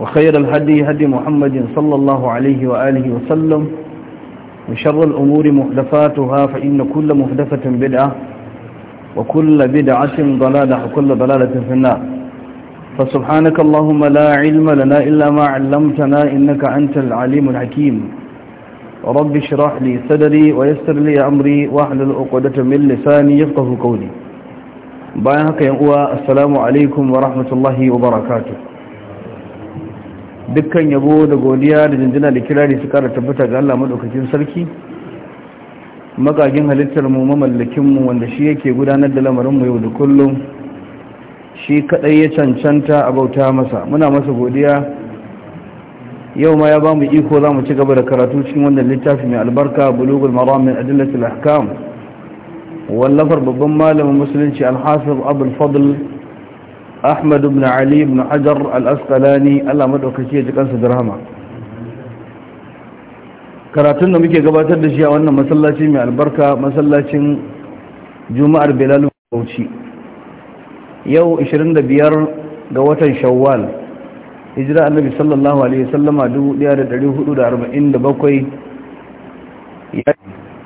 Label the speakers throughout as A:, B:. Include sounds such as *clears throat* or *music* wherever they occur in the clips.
A: وخير الهدي هدي محمد صلى الله عليه وآله وسلم وشر الأمور محدثاتها فإن كل محدثة بدعة وكل بدعة ضلالة وكل ضلالة في النار فسبحانك اللهم لا علم لنا إلا ما علمتنا إنك أنت العليم الحكيم رب اشرح لي صدري ويسر لي أمري واحلل عقدة من لساني يفقه قولي بايعك يا السلام عليكم ورحمة الله وبركاته dukkan yabo da godiya da jinjina da kirari su kara tabbata ga Allah madaukakin sarki magagin halittar mu mamallakin mu wanda shi yake gudanar da lamarin mu yau da kullum shi kadai ya cancanta a bauta masa muna masa godiya yau ma ya bamu iko za mu ci gaba da karatu cikin wannan littafi mai albarka bulugul maram min adillatil ahkam wallafar babban malamin musulunci al-hafiz abul fadl ahmad ibn ali ibn hajar al-asqalani Allah madaukaki ya ji kansa da rahama karatun da muke gabatar da shi a wannan masallaci mai albarka masallacin juma'ar bilal bauchi yau 25 ga watan shawwal hijira annabi sallallahu alaihi wasallama 1447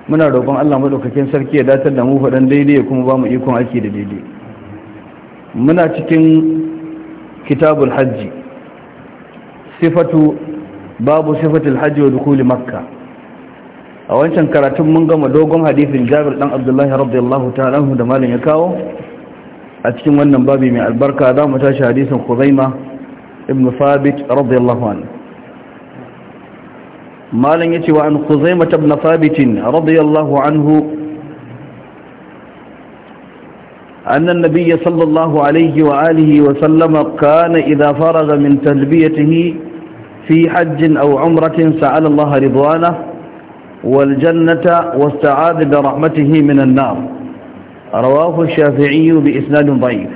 A: muna roƙon Allah madaukakin sarki ya datar da mu faɗan daidai kuma ba mu ikon aiki da daidai muna cikin kitabul hajji sifatu babu sifatul hajji wa dukuli makka a wancan karatun mun gama dogon hadisin jabir dan abdullahi radiyallahu ta'ala da malam ya kawo a cikin wannan babi mai albarka za mu tashi hadisin khuzaima ibn thabit radiyallahu anhu malam yace wa an khuzaima ibn thabit radiyallahu anhu أن النبي صلى الله عليه وآله وسلم كان إذا فرغ من تلبيته في حج أو عمرة سأل الله رضوانه والجنة واستعاذ برحمته من النار رواه الشافعي بإسناد ضعيف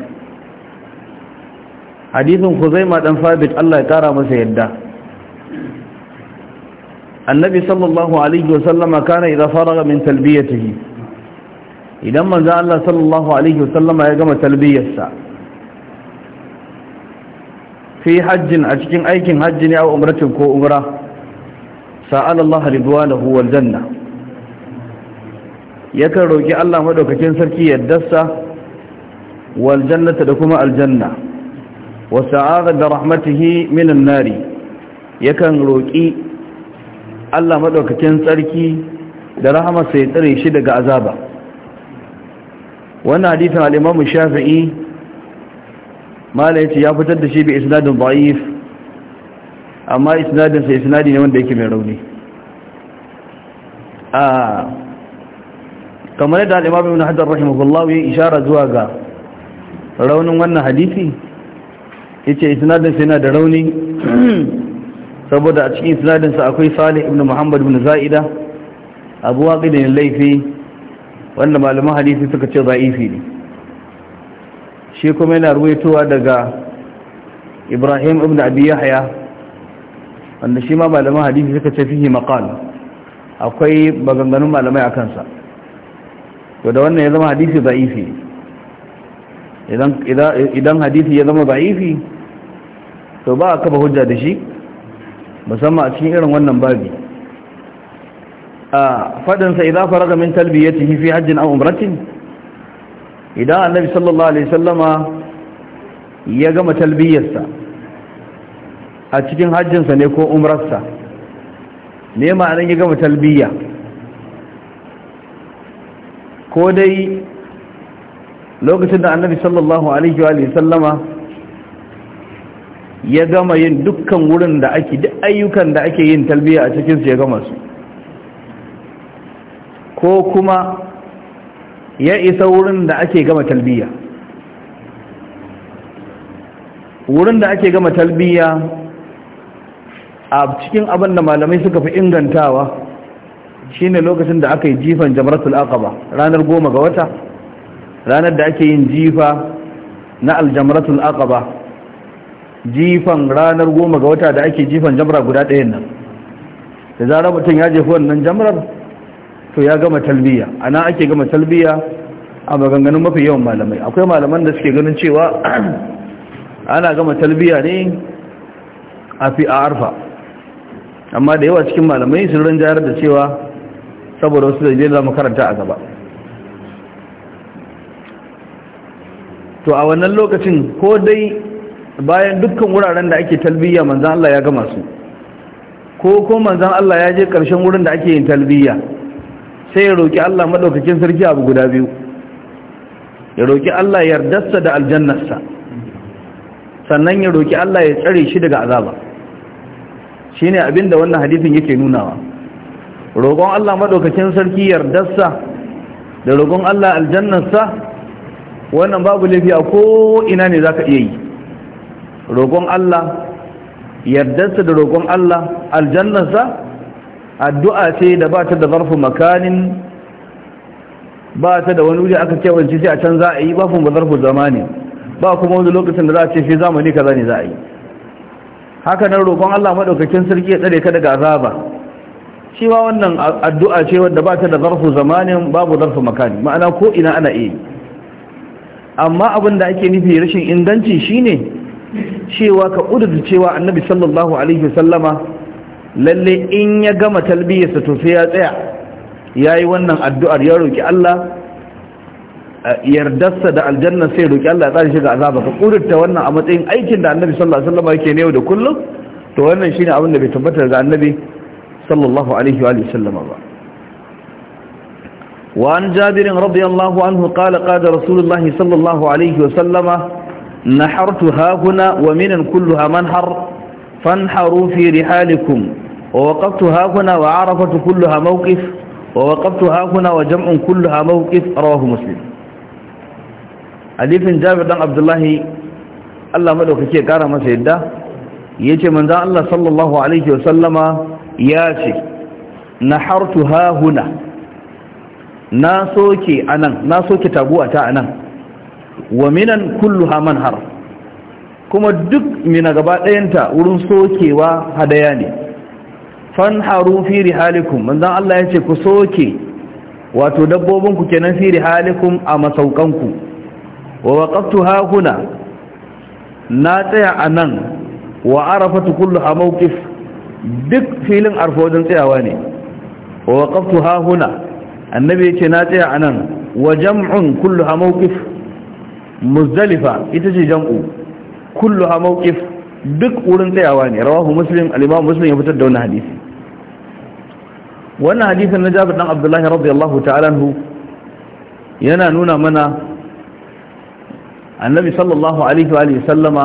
A: حديث خزيمة ثابت الله يكرم سيده النبي صلى الله عليه وسلم كان إذا فرغ من تلبيته idan manzo Allah sallallahu alaihi wasallama ya gama talbiyarsa fi hajjin a cikin aikin hajji ne a umratin ko umra sa'ala Allah ridwanahu wal janna yakan roki Allah madaukakin sarki yaddarsa wal jannata da kuma aljanna wa sa'ada da rahmatihi minan nari yakan roki Allah madaukakin sarki da rahamarsa ya tsare shi daga azaba wannan hadithin al’imamu shafi'i mala ya fitar da shi bi isnadin ba'if amma isnadinsa ya isnadi ne wanda yake mai rauni a kamar yadda al’imamu na haddar hajar rahimahullah ya ishara zuwa ga raunin wannan hadisi yace ce isnadinsa yana da rauni saboda a cikin isnadinsa akwai Salih ibn Muhammad ibn Zaida Abu ƙidin laifi wanda malaman hadisi suka ce za'ifi ne shi kuma yana ruwaitowa daga ibrahim ibn abi yahya wanda shi ma malaman hadisi suka ce fihi maqal akwai maganganun malamai a kansa to da wannan ya zama hadisi za'ifi idan hadisi ya zama za'ifi to ba a kafa hujja da shi musamman a cikin irin wannan babi faɗinsa idan faraga min talbiyatihi fi hajjin aw umratin idan annabi sallallahu alaihi sallama ya gama talbiyarsa a cikin hajjinsa ne ko umrarsa ne ma'anin ya gama talbiya ko dai lokacin da annabi sallallahu alaihi wa ya gama yin dukkan wurin da ake duk ayyukan da ake yin talbiya a cikinsu ya gama su ko kuma ya isa wurin da ake gama talbiya wurin da ake gama talbiya a cikin abin da malamai suka fi ingantawa shine lokacin da aka yi jifan jamratul aqaba ranar goma ga wata ranar da ake yin jifa na aljamratul aqaba jifan ranar goma ga wata da ake jifan jam'ara guda ɗayan nan da zarar mutum ya jefi wannan jamrar to ya gama talbiya ana ake gama talbiya a maganganun mafi yawan malamai akwai malaman da suke ganin cewa *clears throat* ana gama talbiya ne a fi a arfa amma da yawa cikin malamai sun jarar da cewa saboda wasu zai za mu karanta a gaba to a wannan lokacin ko dai bayan dukkan wuraren da ake talbiya manzan Allah ya gama su ko ko manzan Allah ya je ƙarshen wurin da ake yin talbiya sai ya roƙi Allah maɗaukakin sarki abu guda biyu ya roƙi Allah yardarsa da aljannarsa sannan ya roƙi Allah ya tsare shi daga azaba shi ne abinda wannan hadithin yake nunawa roƙon Allah maɗaukakin sarki yardarsa da roƙon Allah aljannarsa wannan babu laifi a ina ne za ka iya yi roƙon Allah yardarsa da roƙon Allah aljannarsa addu'a ce da ba ta da zarfin makanin ba ta da wani wuri aka kewanci sai a can za a yi ba kuma zarfin zamani ba kuma wani lokacin da za a ce shi zamani ka ne za a yi haka nan roƙon Allah maɗaukakin sarki ya tsare ka daga azaba shi ma wannan addu'a ce wadda ba ta da zarfin zamanin babu zarfin makani ma'ana ko ina ana iya amma abin da ake nufi rashin inganci shine cewa ka ƙudurta cewa annabi sallallahu alaihi wasallama lalle in ya gama talbiyarsa to sai ya tsaya ya yi wannan addu'ar ya roƙi Allah yardarsa da aljanna sai roƙi Allah ya tsari shiga azaba ka ƙudurta wannan a matsayin aikin da annabi sallallahu alaihi wasallam yake ne yau da kullum to wannan shi ne abin da bai tabbata da annabi sallallahu alaihi wa sallama ba وعن anhu qala الله عنه sallallahu alaihi wa الله صلى الله عليه wa minan هاهنا ومنا كلها منحر فانحروا في رحالكم ووقفت هاكنا وعرفة كلها موقف ووقفت هاكنا وجمع كلها موقف رواه مسلم حديث جابر بن عبد الله الله مدوكake kara masa yadda yace manzo Allah sallallahu alaihi wasallama yace nahartu ha huna na soke anan na soke taguwa ta anan wa minan kulluha manhar kuma duk mina gaba ɗayanta wurin sokewa hadaya ne fanharu fi rihalikum manzon Allah yace ku soke wato dabbobin ku kenan fi rihalikum a masaukan ku wa waqaftu ha huna na tsaya anan wa arafatu kullu ha mawqif duk filin arfodin tsayawa ne wa waqaftu ha huna annabi yace na tsaya anan wa jam'un kullu ha mawqif muzdalifa ita ce jam'u kullu ha mawqif duk wurin tsayawa ne rawahu muslim al-imam muslim ya fitar da wannan hadisi wannan hadisin na jabir dan abdullahi radiyallahu ta'ala anhu yana nuna mana annabi sallallahu alaihi wa sallama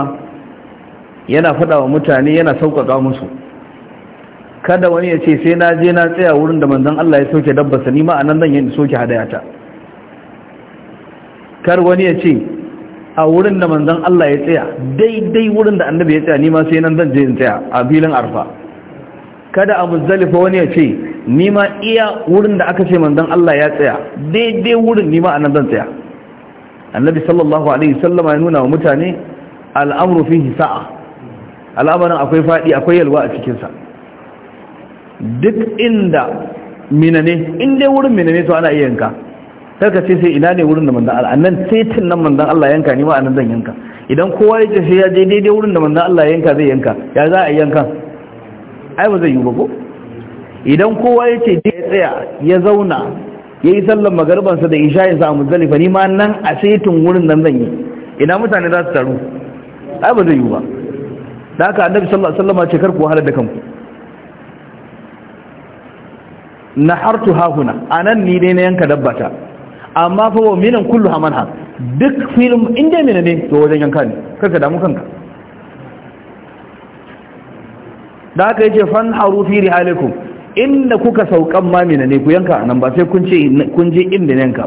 A: yana fada wa mutane yana sauƙaƙa musu kada wani ya ce sai na je na tsaya wurin da manzon Allah ya soke dabbarsa ni ma anan zan yi soke hadayata kar wani ya ce a wurin da manzon Allah ya tsaya daidai wurin da annabi ya tsaya ni ma sai nan zan je in tsaya a filin arfa kada abu zalifa wani ya ce ni ma iya wurin da aka ce manzan Allah ya tsaya daidai wurin ni ma nan zan tsaya annabi sallallahu alaihi sallama ya nuna wa mutane al'amru fi hisa'a. al'amarin akwai fadi akwai yalwa a cikin sa duk inda minane in dai wurin minane to ana iya yanka sai ka ce sai ina ne wurin da manzan Allah annan titin nan manzan Allah yanka ni ma nan zan yanka idan kowa ya ce sai ya je daidai wurin da manzan Allah yanka zai yanka ya za a yanka ai ba zai yi ba ko idan kowa ya ce ya tsaya ya zauna ya yi sallan magarbansa da ya a zalifa ni ma nan a setin wurin nan zan yi ina mutane za su taru ai ba zai yi ba da aka annabi sallallahu alaihi wasallam ce kar ku wahalar da kanku na hartu hahuna anan ni ne na yanka dabbata amma fa wa minan kullu hamanha duk filin inda mina ne to wajen yanka ne kar ka damu kanka da yi yace fan haru fi rihalikum inda kuka saukan mamina ne ku yanka nan ba sai kun ce kun je inda ne yanka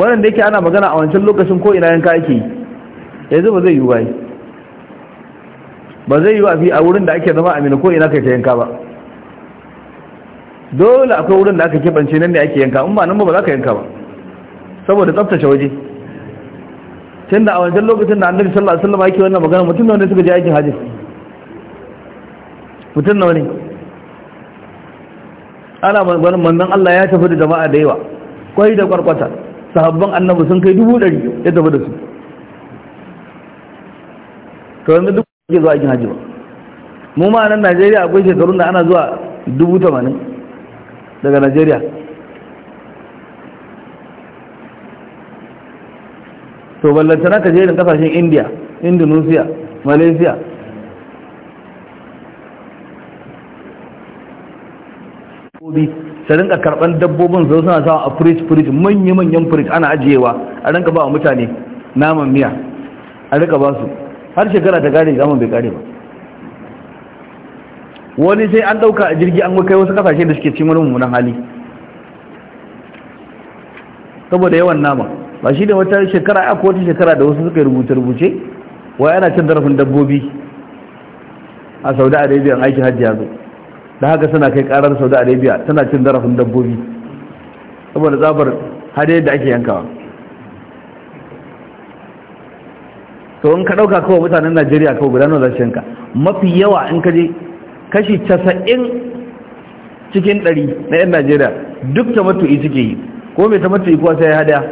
A: wannan da yake ana magana a wancan lokacin ko ina yanka ake yi yanzu ba zai yi bai ba zai yi fi a wurin da ake zama amina ko ina kai ta yanka ba dole akwai wurin da aka kebance nan ne ake yanka in ba nan ba za ka yanka ba saboda tsaftace waje tunda a wancan lokacin da annabi sallallahu alaihi wasallam yake wannan magana mutum ne suka je aikin hajji mutum na wani, ana maganin manzan Allah ya tafi da jama'a da yawa kwai da kwarkwata sahabban annabu sun kai dubu ɗari ya tafi da su to yanzu duk ke zuwa aikin hajji ba mu ma nan Najeriya akwai shekarun da ana zuwa dubu tamanin daga Najeriya to ballantana ka je da kasashen India Indonesia Malaysia dabbobi su rinka karban dabbobin su suna sawa a fridge fridge manya manyan fridge ana ajiyewa a rinka ba wa mutane naman miya a rinka ba su har shekara ta kare zaman bai kare ba wani sai an dauka a jirgi an kai wasu kasashe da suke cin wani mummunan hali saboda yawan nama ba shi da wata shekara a kowace shekara da wasu suka rubuce rubuce wai ana cin zarafin dabbobi a saudi arabia aiki hajji ya zo da haka suna kai karar saudi arabia tana cin zarafin dabbobi saboda zabar hade da ake yankawa to in ka dauka kawai mutanen najeriya kawai gudanar da yanka mafi yawa in ka je kashi casa'in cikin ɗari na 'yan najeriya duk ta matu'i suke yi ko mai ta matu'i kuwa sai ya hada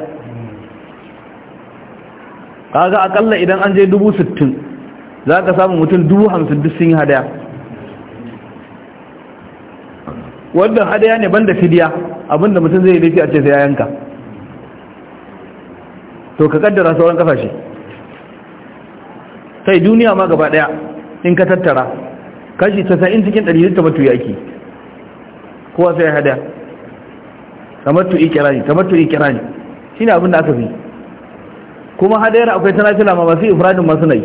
A: kaga akalla idan an je dubu sittin za ka samu mutum dubu hamsin duk sun yi hadaya wannan hadaya ne banda fidiya abinda mutum zai laifi a ce sai ya yanka to ka kaddara sauran kafashe sai duniya ma gaba daya in ka tattara kashi 90 cikin 100 ta mutu yaki kowa sai hadaya tamattu ikirani tamattu ikirani shine abin da aka fi kuma hadayar akwai tanafila ma masu ifradin masu nayi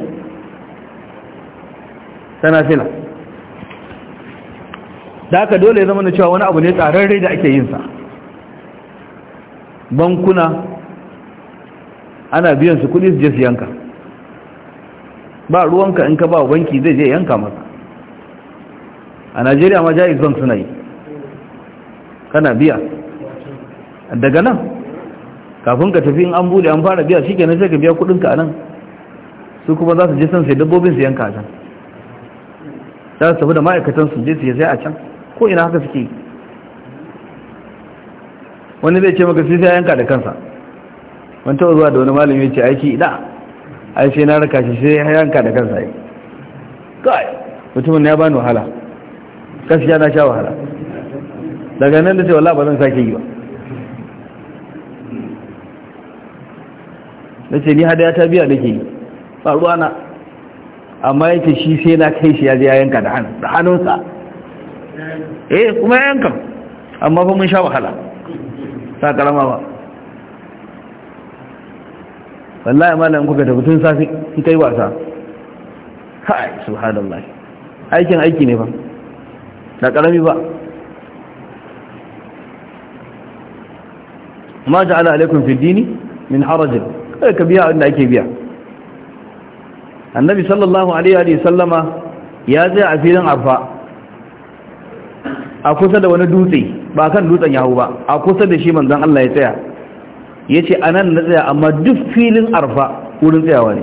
A: fila. da haka dole ya zama da cewa wani abu ne tsararre da ake yinsa bankuna ana biyan su kudi su je su yanka ba ruwanka in ka ba banki zai je yanka maka a najeriya ma jaiz bank suna yi kana biya daga nan kafin ka tafi in an bude an fara biya shi kenan sai ka biya kudinka a nan su kuma za su je san sai dabbobin su yanka a can za su tafi da ma'aikatan su je su yi sai a can ko ina haka suke wani zai ce maka sai yanka da kansa wani taɓa zuwa da wani ya ce aiki ina aiki na raka shi sai yanka da kansa yi kai mutumin ya bani wahala gaskiya na sha wahala daga nan da ce wala ba zan sake yi ba ce ni hadaya ta biya ke yi ba na amma yake shi sai na kai shi ya ziyayen ka yanka da hannunsa eh kuma yayan amma fa mun sha wahala ta karama ba wallahi malam kuka tafi tun safi in kai wasa kai subhanallahi aikin aiki ne fa da karami ba ma ja'ala alaikum fi dini min haraj kai ka biya inda ake biya annabi sallallahu alaihi wa sallama ya tsaya a filin arfa a kusa da wani dutse ba kan dutsen yahu ba a kusa da shi manzan Allah ya tsaya ya ce a nan na tsaya amma duk filin arfa wurin tsayawa ne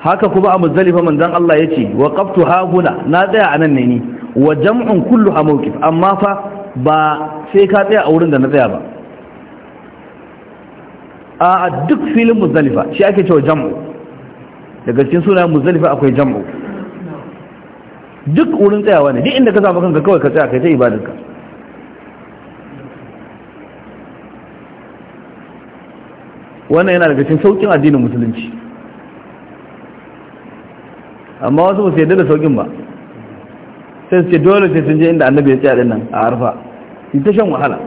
A: haka kuma a muzalifa manzan Allah ya ce wa kaftu haguna na tsaya a nan ne ni wa jam'un kullu a maukif amma fa ba sai ka tsaya a wurin da na tsaya ba a duk filin muzalifa shi ake cewa jam'u daga cikin suna muzalifa akwai jam'u duk wurin tsayawa ne duk inda ka samu kanka kawai ka tsaya kai ta ibadarka wannan yana daga cikin saukin addinin musulunci amma wasu ba su yadda da saukin ba sai su ce dole sai sun je inda annabi ya tsaya din nan a arfa ta shan wahala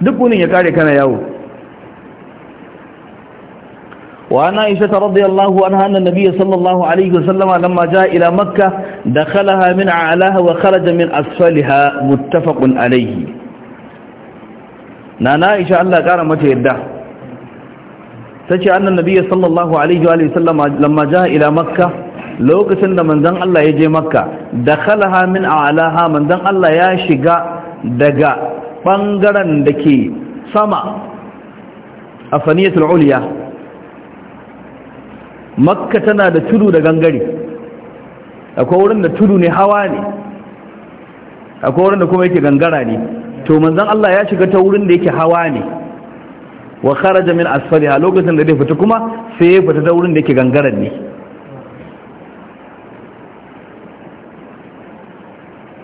A: duk wunin ya kare kana yawo وعن عائشة رضي الله عنها أن النبي صلى الله عليه وسلم لما جاء إلى مكة دخلها من أعلاها وخرج من أسفلها متفق عليه نانا عائشة الله قال متى يدع تشي أن النبي صلى الله عليه وآله وسلم لما جاء إلى مكة لو كسند من ذن الله يجي مكة دخلها من أعلاها من ذن الله ياشق دقاء بانقرا دكي سما أفنية العليا makka tana da tudu da gangare akwai wurin da tudu ne hawa ne akwai wurin da kuma yake gangara ne to manzon Allah ya shiga ta wurin da yake hawa ne wa kharaja min asfaliha lokacin da zai fita kuma sai ya fita ta wurin da yake gangaran ne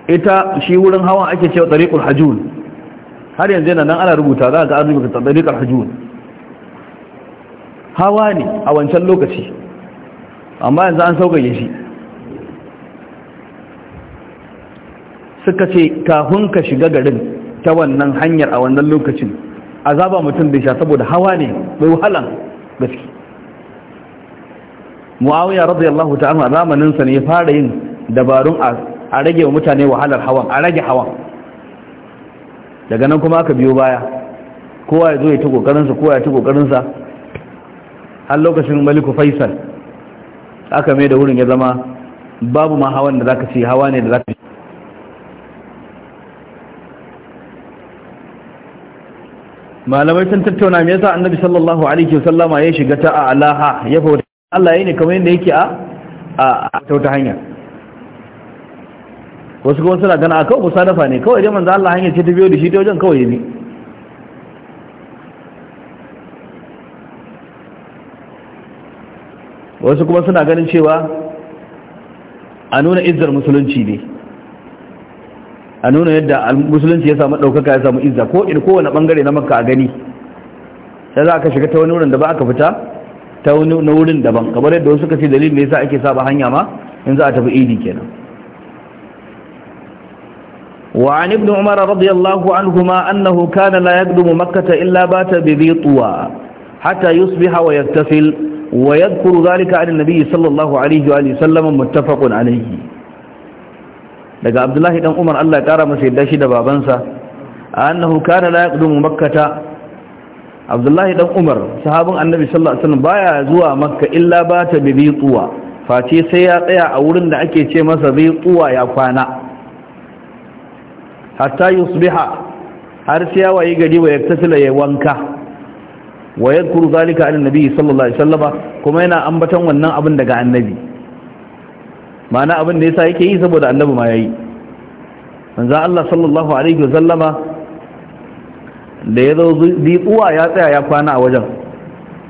A: ita shi wurin hawa ake cewa tariqul hajun har yanzu yana nan ana rubuta za ga an rubuta tariqul hajun hawa ne a wancan lokaci amma yanzu an sauƙaƙe shi suka ce kafin ka shiga garin ta wannan hanyar a wannan lokacin azaba mutum da sha saboda hawa ne mai wahalan gaske muawiya radiyallahu ta'ala a zamaninsa ne ya fara yin dabarun a rage wa mutane wahalar hawan a rage hawan daga nan kuma aka biyo baya kowa ya zo ya ta kokarinsa kowa ya ta kokarinsa har lokacin maliku faisal aka mai da wurin ya zama babu ma hawan da zaka ce hawa ne da ce malamai sun tattauna me yasa annabi sallallahu alaihi wasallama ya shiga ta alaha ya fauta Allah yi ne kamar yadda yake a wata wata hanya wasu kuma suna gana a kawai musadafa ne kawai jaman za Allah hanya ce ta biyo da shi ta wajen kawai ne wasu kuma suna ganin cewa a nuna izzar musulunci ne a nuna yadda musulunci ya samu ɗaukaka ya samu izza ko in kowane ɓangare na maka a gani sai za ka shiga ta wani wurin da ba aka fita ta wani na wurin daban kamar yadda wasu ka ce dalil da yasa ake saba hanya ma in za a tafi idi kenan Wa وعن ابن عمر رضي الله عنهما أنه كان لا يقدم مكة إلا بات بذي طوى حتى يصبح ويغتسل ويذكر ذلك عن النبي صلى الله عليه وآله وسلم متفق عليه لقى عبد الله بن عمر الله قال ما سيدا شي دبابنسا انه كان لا يقدم مكه عبد الله بن عمر صحابن النبي صلى الله عليه وسلم بايا زوا مكه الا بات ببيطوا face sai ya tsaya a wurin da ake ce masa bai tsuwa ya kwana hatta yusbiha har sai ya wayi gari wa yaktasila ya wanka wa yadhkuru zalika an annabi sallallahu alaihi wasallama kuma yana ambaton wannan abin daga annabi ma'ana abin da yasa yake yi saboda annabi ma yayi manzo Allah sallallahu alaihi wasallama da ya zo uwa ya tsaya ya kwana a wajen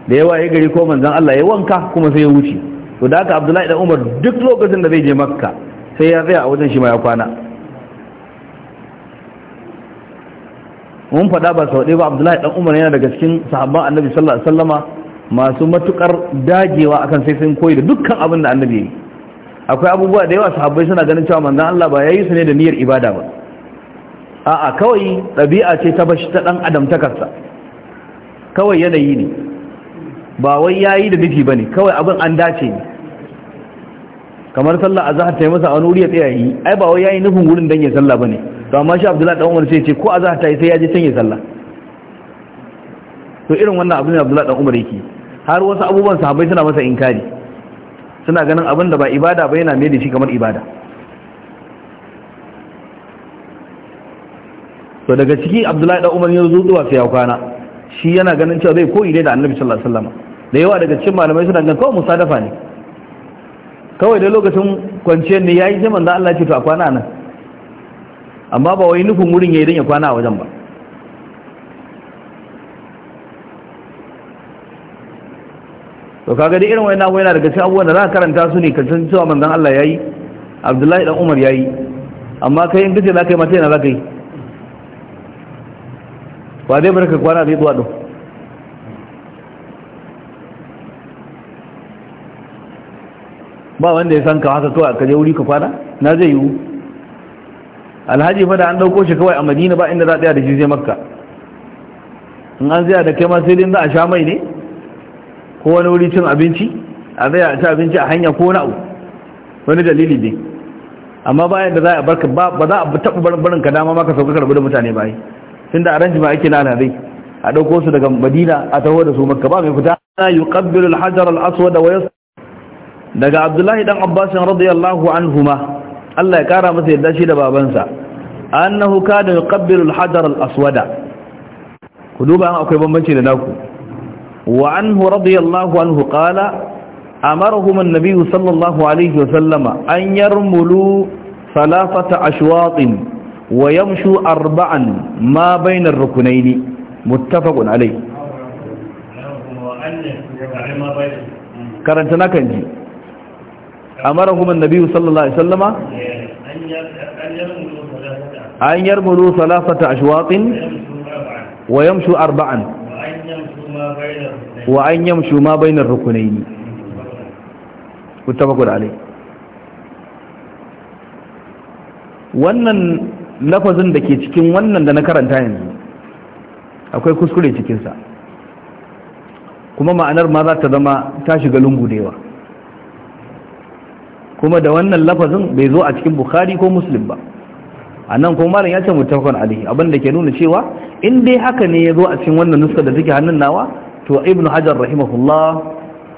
A: da yawa ya gari ko manzon Allah ya wanka kuma sai ya wuce to da haka Abdullahi da Umar duk lokacin da zai je Makka sai ya tsaya a wajen shi ma ya kwana mun faɗa ba sau ɗaya ba abdullahi ɗan umar yana daga cikin sahabban annabi sallallahu alaihi wasallama masu matukar dagewa akan sai sun koyi da dukkan abin da annabi yi akwai abubuwa da yawa sahabbai suna ganin cewa manzon Allah ba yayi su ne da niyyar ibada ba a'a kawai ɗabi'a ce ta bashi ta ɗan adam takarsa kawai yanayi ne ba wai yayi da nufi bane kawai abin an dace ne kamar sallah azhar ta yi masa a wani wuri ya tsaya yi ai ba wai yayi nufin wurin dan ya sallah bane to amma shi abdullahi dan umar sai ce ko azahar ta yi sai ya je canye sallah to irin wannan abu ne abdullahi dan umar yake har wasu abubuwan sahabbai suna masa inkari suna ganin abin da ba ibada ba yana mai da shi kamar ibada to daga ciki abdullahi dan umar ya zo zuwa sai ya kwana shi yana ganin cewa zai koyi ne da annabi sallallahu alaihi wasallam da yawa daga cikin malamai suna ganin kawai musadafa ne kawai da lokacin kwanciyar ne ya yi zaman da Allah ya ce to a kwana nan amma ba wai nufin wurin ya yi don ya kwana a wajen ba to kaga dai irin wani nagoyi na daga cikin abubuwan da za ka karanta su ne karshen cewa manzan Allah ya yi abdullahi dan umar ya yi amma kai in kace za ka yi mata yana za ka yi ba zai barka kwana zai zuwa ɗin ba wanda ya san ka haka kawai ka je wuri ka kwana na zai yiwu alhaji fa da an dauko shi kawai a madina ba inda za a tsaya da shi zai makka in an tsaya da kai ma sai dai za a sha mai ne ko wani wuri cin abinci a tsaya a ci abinci a hanya ko na'u wani dalili ne amma bayan da za a barka ba za a taɓa barin ka dama maka sauka karbi da mutane yi tun da aranji ma ake nana dai a ɗauko su daga madina a taho da su makka ba mai fita ana yi ƙabbilul hajar al'aswa da wayas daga abdullahi dan abbasin radiyallahu anhuma Allah ya kara masa yadda shi da babansa annahu kana yuqabbilu al-hajar al-aswada ku duba an akwai bambanci da naku wa anhu radiyallahu anhu qala amarahum an-nabiy sallallahu alayhi wa sallama an yarmulu thalathata ashwatin wa yamshu arba'an ma bayna ar-rukunayn muttafaqun alayh karanta nakan ji amarahum annabi sallallahu alaihi wasallama
B: an yarmulu thalathata ashwatin wa yamshu arba'an wa an yamshu ma
A: bainar rukunaini Ku muttafaqun alayh wannan lafazin da ke cikin wannan da na karanta yanzu akwai kuskure cikinsa kuma ma'anar ma za ta zama ta shiga lungu da yawa kuma da wannan lafazin bai zo a cikin bukhari ko muslim ba a nan kuma malam ya ce mutafakon alihi abinda ke nuna cewa in dai haka ne ya zo a cikin wannan nuskar da take hannun nawa to ibnu hajar rahimahullah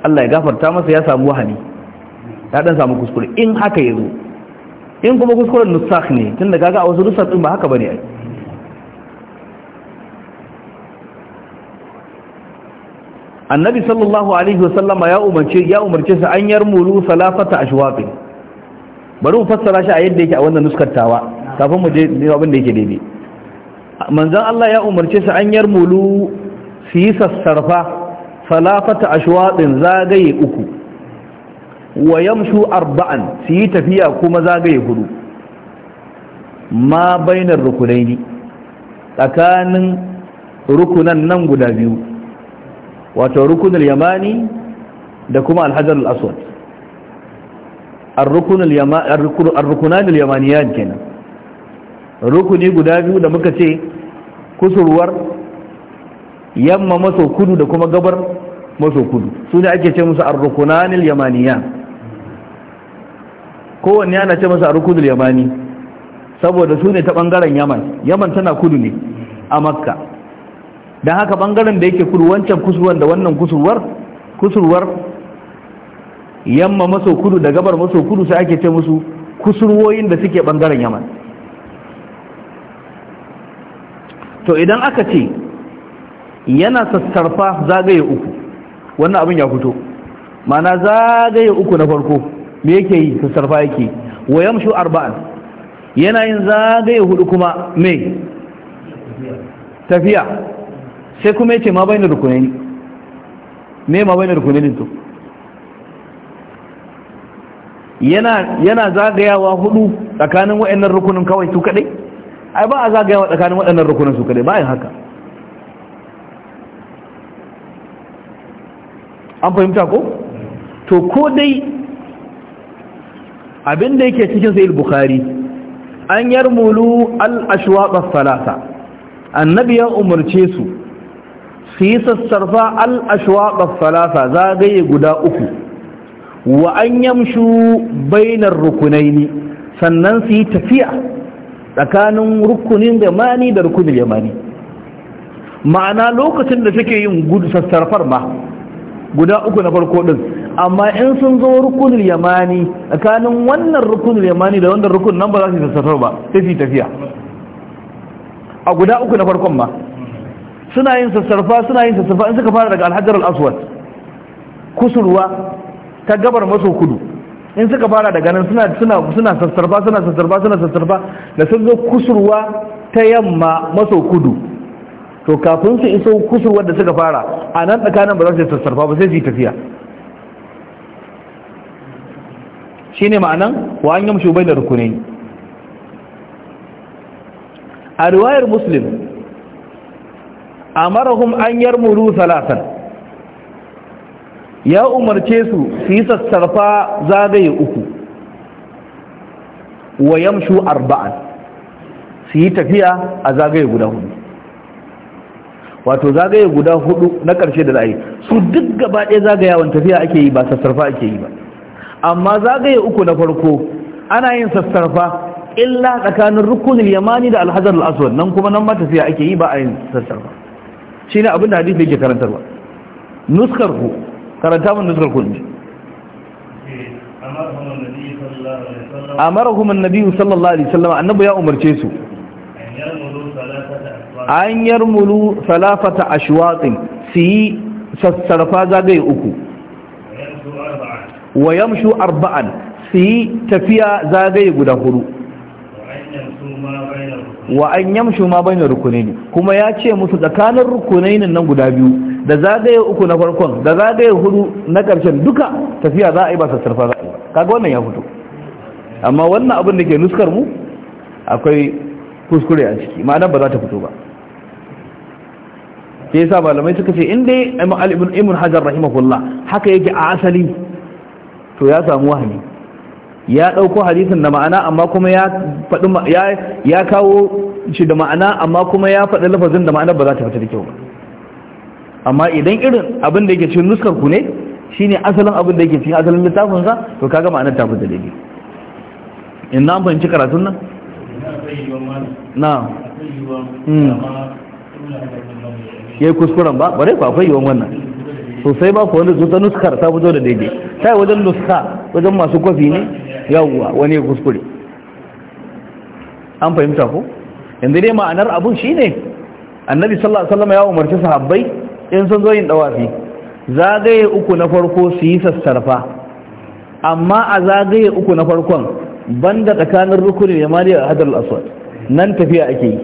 A: Allah ya gafarta masa ya samu wahani ya dan samu kuskure in haka ya zo in kuma kuskuren nusakh ne tunda kaga a wasu nusak ɗin ba haka bane ai annabi sallallahu alaihi wasallama ya umarce ya umarce su an yarmulu salafata ashwaqi bari mu fassara shi a yadda yake a wannan nuskar tawa kafin mu je abin da yake daidai manzon Allah ya umarce su an yarmulu su yi sassarfa salafata ashwaqin zagaye uku wa yamshu arba'an su yi tafiya kuma zagaye hudu ma bainar rukunaini tsakanin rukunan nan guda biyu wato rukunul yamani da kuma alhajar aswad arrukunan yamaniyan kenan rukuni guda biyu da muka ce kusurwar yamma maso kudu da kuma gabar maso kudu su ne ake ce musu yamaniya? ko kowanne ana ce masa arrukunul yamani saboda su ne ta bangaren yaman yaman tana kudu ne a makka don haka bangaren da yake kudu wancan kusurwar da wannan kusurwar kusurwar yamma maso kudu da gabar maso kudu sai ake ce musu kusurwoyin da suke bangaren yaman to idan aka ce yana sassarfa zagaye uku wannan abin ya fito mana zagaye uku na farko me yake yi sassarfa yake wa shu arba'an yana yin zagaye hudu kuma me tafiya sai kuma yace ma bai na rukunai me ma bai na rukunai to yana zagayawa hudu tsakanin wayannan rukunin kawai su kaɗai ai ba a zagayawa tsakanin waɗannan rukunin su kaɗai bayan haka an fahimta ko to ko dai abin da yake cikin sayil bukhari an yarmulu al-ashwaq as-salasa annabi ya umarce su su yi sassarfa al'ashwaɓar salasa zagaye guda uku wa an yamshu bainar rukunaini sannan su yi tafiya tsakanin rukunin yamani da rukunin yamani ma'ana lokacin da suke yin gudu sassarfar ma guda uku na farko din amma in sun zo rukunin yamani tsakanin wannan rukunin yamani da wannan rukunin nan ba za su sassarfar ba sai su yi tafiya a guda uku na farkon ma suna yin sassarfa suna yin sassarfa in suka fara daga alhajar al'aswad kusurwa ta gabar maso kudu in suka fara daga nan suna suna sassarfa suna sassarfa suna sassarfa da sun zo kusurwa ta yamma maso kudu to kafin su iso kusurwar da suka fara a nan tsakanin ba za su yi sassarfa ba sai su yi tafiya shi ne ma'anan wa an yi mashi bai da rukunai a riwayar muslim amarahum an yarmulu salatan ya umarce su su yi sassarfa zagaye uku wa yamshu arba'an su yi tafiya a zagaye guda hudu wato zagaye guda hudu na ƙarshe da za'ayi su duk gaba ɗaya zagayawan tafiya ake yi ba sassarfa ake yi ba amma zagaye uku na farko ana yin sassarfa illa tsakanin rukunin yamani da alhajar al'aswad nan kuma nan ma tafiya ake yi ba a yin sassarfa shi ne abinda hadisi yake karantarwa nuskar ku karanta mun nuskar ku ne
B: amarahum annabi sallallahu alaihi wasallam annabi
A: ya umarce su
B: an yarmulu
A: salafata ashwatin su yi sassarfa zagaye uku wa yamshu arba'an si yi tafiya zagaye guda hudu wa an yamshu ma bainar rukunaini kuma ya ce musu tsakanin rukunaini nan guda biyu da zagaye uku na farkon da zagaye hudu na karshen duka tafiya za a yi ba sassarfa za a yi kaga wannan ya fito amma wannan abin da ke nuskar mu akwai kuskure a ciki ma'ana ba za ta fito ba ke yasa malamai suka ce in dai al-ibn ibn hajar rahimahullah haka yake a asali to ya samu wahali. ya ɗauko hadisin da ma'ana amma kuma ya faɗi ya kawo shi da ma'ana amma kuma ya faɗi lafazin da ma'ana ba za ta fita da kyau ba amma idan irin abin da yake cikin nuskar ku ne shine asalin abin da yake cikin asalin littafin sa to kaga ma'anar ta fita daidai in na fahimci karatun
B: nan na hmm.
A: yayi kuskuren ba bare ku akwai yiwon wannan sosai ba ku wanda zuta nuskar ta fito da daidai ta wajen nuska wajen masu kwafi ne yawwa wani ya kuskure an fahimta ko yanzu dai ma'anar abun shine annabi sallallahu alaihi wasallam ya umarci sahabbai in sun zo yin dawafi zagaye uku na farko su yi sassarfa amma a zagaye uku na farkon banda tsakanin rukuni da mali a hadar aswad nan tafiya ake yi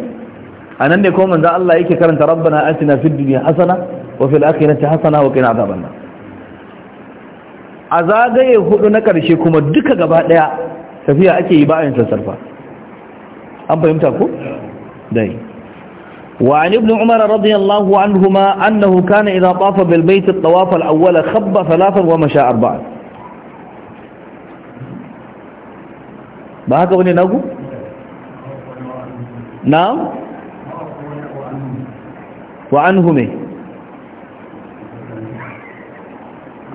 A: a nan ne kuma manzo Allah yake karanta rabbana atina fid dunya hasana wa fil akhirati hasana wa qina adhaban nar a zagaye hudu na ƙarshe kuma duka gaba ɗaya tafiya ake yi bayan sassarfa an fahimta
B: ku? dai
A: wa'an ibn umar radiyallahu an huma an na huka idan ɓafa belbaiti tsawafal awwala khabba falafar wa masha arba'a ba haka wani nagu? na? wa'an hume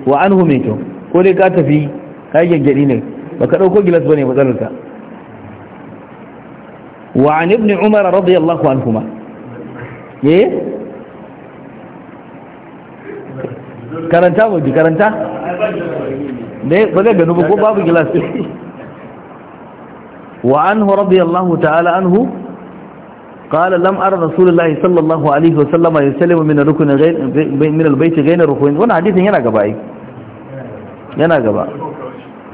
A: wa'an hume to ko dai ka tafi ka gyaggyadi ne ba ka ɗauko gilas ba ne matsalarka wa an ibn umar radiyallahu anhuma ye
B: karanta mu karanta dai ba zai ganu ba ko babu gilas
A: wa anhu radiyallahu ta'ala anhu قال لم أرى رسول الله صلى الله عليه وسلم يسلم من ركن غير من البيت غير ركن وانا حديث هنا قبائي yana gaba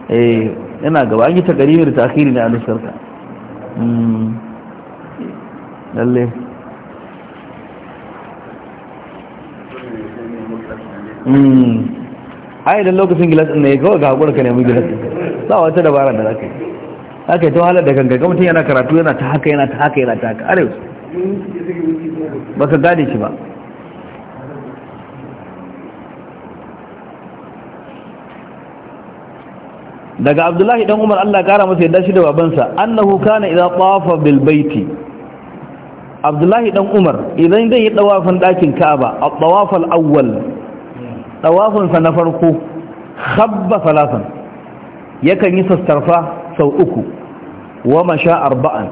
A: eh yana gaba an yi gari mai takiri ne a nuskarka hmm. lalle hmm. ai idan lokacin gilas ɗin ne kawai ga haƙura ka nemi gilas ɗin ba wata dabara da zaka yi haka ta wahalar da kanka ga mutum yana karatu yana ta haka yana ta haka yana ta haka arewa
B: ba ka gane shi ba
A: daga abdullahi dan umar allah kara masa yadda shi da babansa annahu kana idza tawafa bil baiti abdullahi dan umar idan zai yi tawafin dakin ka'aba at-tawaf al-awwal tawafin sa na farko khabba salasan yakan yi sastarfa sau uku wa masha arba'an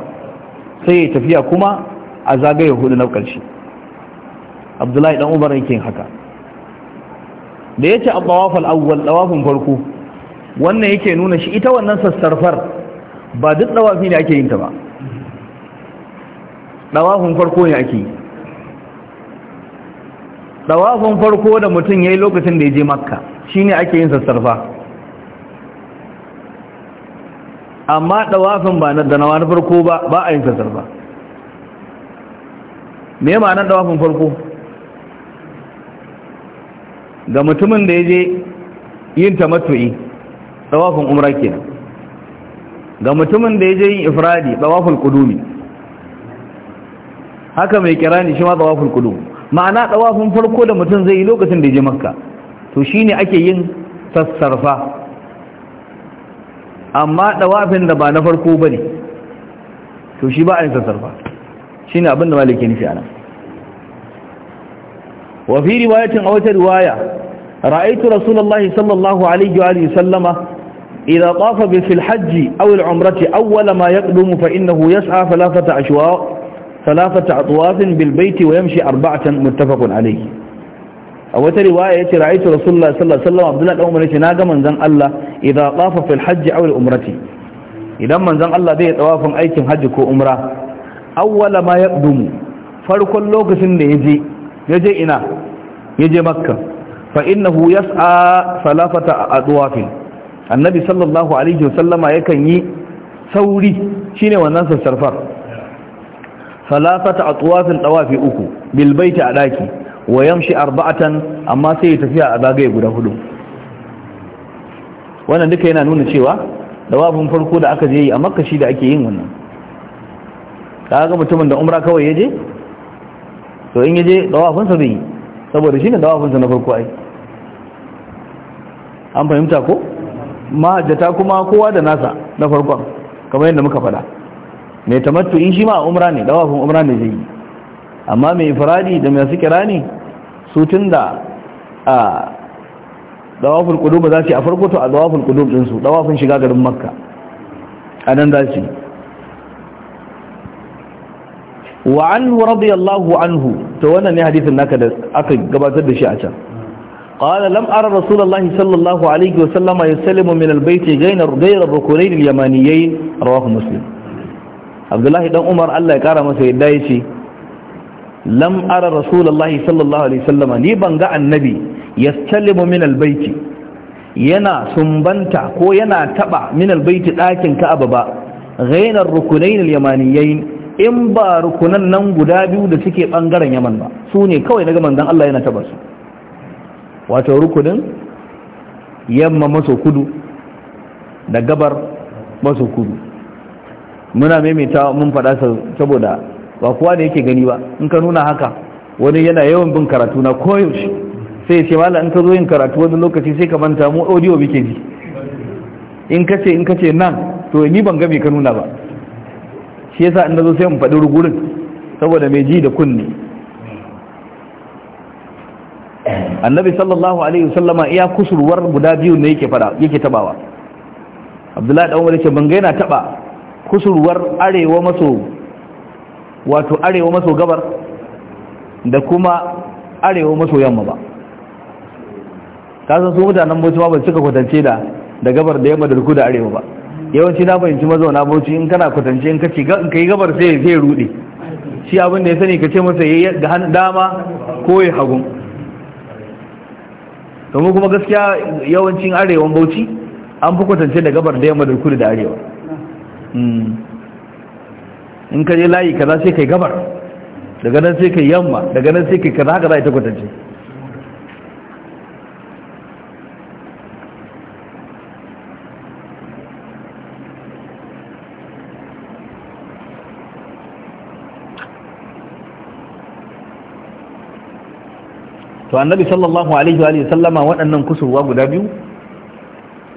A: sai ya tafiya kuma a zagaye hudu na karshe abdullahi dan umar yake haka da yace at-tawaf al-awwal tawafin farko wannan yake nuna shi ita wannan sassarfar ba duk dawafi ne ake yin ta ba dawafin farko ne ake yi dawafin farko da mutum ya yi lokacin da ya je makka shi ne ake yin sassarfa amma dawafin ba da nawa na farko ba ba a yin sassarfa me ma'anar dawafin farko ga mutumin da ya je yin tamattu'i tsawafin umra kenan ga mutumin da ya je yin ifradi tsawafin kudumi haka mai kirani shi ma tsawafin kudumi ma'ana tsawafin farko da mutum zai yi lokacin da ya je makka to shine ake yin sassarfa amma tsawafin da ba na farko ba ne to shi ba a yin sassarfa shi ne abinda maliki nufi ana wafi riwayatin a wata riwaya ra'aitu rasulullahi sallallahu alaihi wa sallama إذا طاف في الحج أو العمرة أول ما يقدم فإنه يسعى ثلاثة أشواط ثلاثة أطواف بالبيت ويمشي أربعة متفق عليه أو رواية رأيت رسول الله صلى الله عليه وسلم عبد الله الأمر يتناغ من ذن الله إذا طاف في الحج أو العمرة إذا من ذن الله ذي طواف أيتم حج كو أمرة أول ما يقدم فرق اللوكس يجي يجي إنا يجي مكة فإنه يسعى ثلاثة أطواف annabi sallallahu alaihi wasallama yakan yi sauri shi ne wannan sassarfar salafata atwafin tsawafi uku bil a daki wa yamshi arba'atan amma sai ya tafiya a zagaye guda hudu wannan duka yana nuna cewa dawabin farko da aka je yi a makka shi da ake yin wannan ta ga mutumin da umra kawai ya je? to in ya je dawafin zai yi saboda shi ne sa na farko ai an fahimta ko mahajjata kuma kowa da nasa na farkon kamar yadda muka faɗa mai tamattu in shi ma umra ne dawafin umra ne zai yi amma mai faradi da masu ne su tun da a dawafin kudu ba za su yi a farko to a dawafin kudu ɗinsu dawafin shiga garin makka a nan za su yi wa anhu radiyallahu anhu to wannan ne hadisin naka da aka gabatar da shi a can قال لم أرى رسول الله صلى الله عليه وسلم يسلم من البيت غير بكرين اليمانيين رواه مسلم عبد الله بن عمر الله masa ya yace lam ara rasulullahi sallallahu ni ban ga annabi yastallimu min albayti yana sumbanta ko yana taba min albayti dakin ka ba ghainar rukunain alyamaniyain in ba rukunan nan guda biyu da suke bangaren yaman ba su ne kawai daga manzon Allah yana taba su wato rukunin yamma maso kudu da gabar maso kudu muna maimaita mun faɗa saboda ba kowa da yake gani ba in ka nuna haka wani yana yawan bin karatu na koyaushe sai ce mala in ka zo yin karatu wani lokaci sai ka manta mu audio muke ji in ka ce in ka ce nan to ni ban ga me ka nuna ba shi yasa in zo sai mun faɗi rugurin saboda mai ji da kunne annabi sallallahu alaihi wasallama iya kusurwar guda biyu ne yake fada yake tabawa abdullahi dan umar ban ga yana taba kusurwar arewa maso wato arewa maso gabar da kuma arewa maso yamma ba kasan su mutanen bauchi ma ba su kwatance da da gabar da yamma da ruku da arewa ba yawanci na fahimci mazauna bauchi in kana kwatance in kace in kai gabar sai zai rude shi abin da ya sani kace masa yayi dama ko ya hagun domin kuma gaskiya yawancin arewan bauchi an fi kwatance da gabar da yamma da kudu da arewa hmm. in ka je layi kaza sai kai gabar daga nan sai kai yamma daga nan sai kai kaza haka za a ita kwatance to annabi sallallahu alaihi wa sallama waɗannan kusurwa guda biyu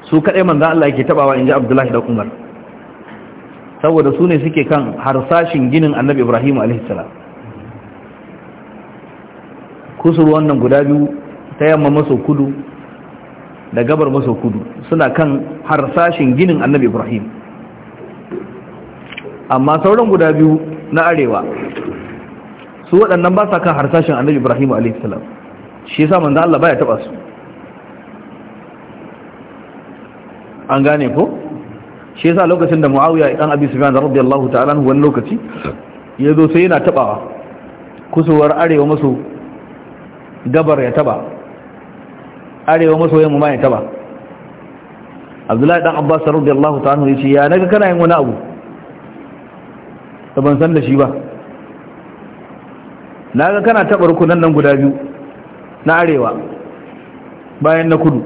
A: su kaɗai manzan Allah yake tabawa ji Abdullahi da Umar saboda su ne suke kan harsashin ginin annabi Ibrahim alaihi salam kusurwan nan guda biyu ta yamma maso kudu da gabar maso kudu suna kan harsashin ginin annabi Ibrahim amma sauran guda biyu na arewa su waɗannan ba sa kan harsashin annabi Ibrahim alaihi salam shi yasa manzo Allah baya taba su an gane ko shi yasa lokacin da Muawiya dan Abi Sufyan radiyallahu ta'ala anhu wani lokaci yazo sai yana tabawa kusurwar arewa maso gabar ya taba arewa maso yamma ma ya taba Abdullahi dan Abbas radiyallahu ta'ala anhu yace ya naga kana yin wani abu da ban san da shi ba naga kana taba rukunan nan guda biyu na arewa bayan na kudu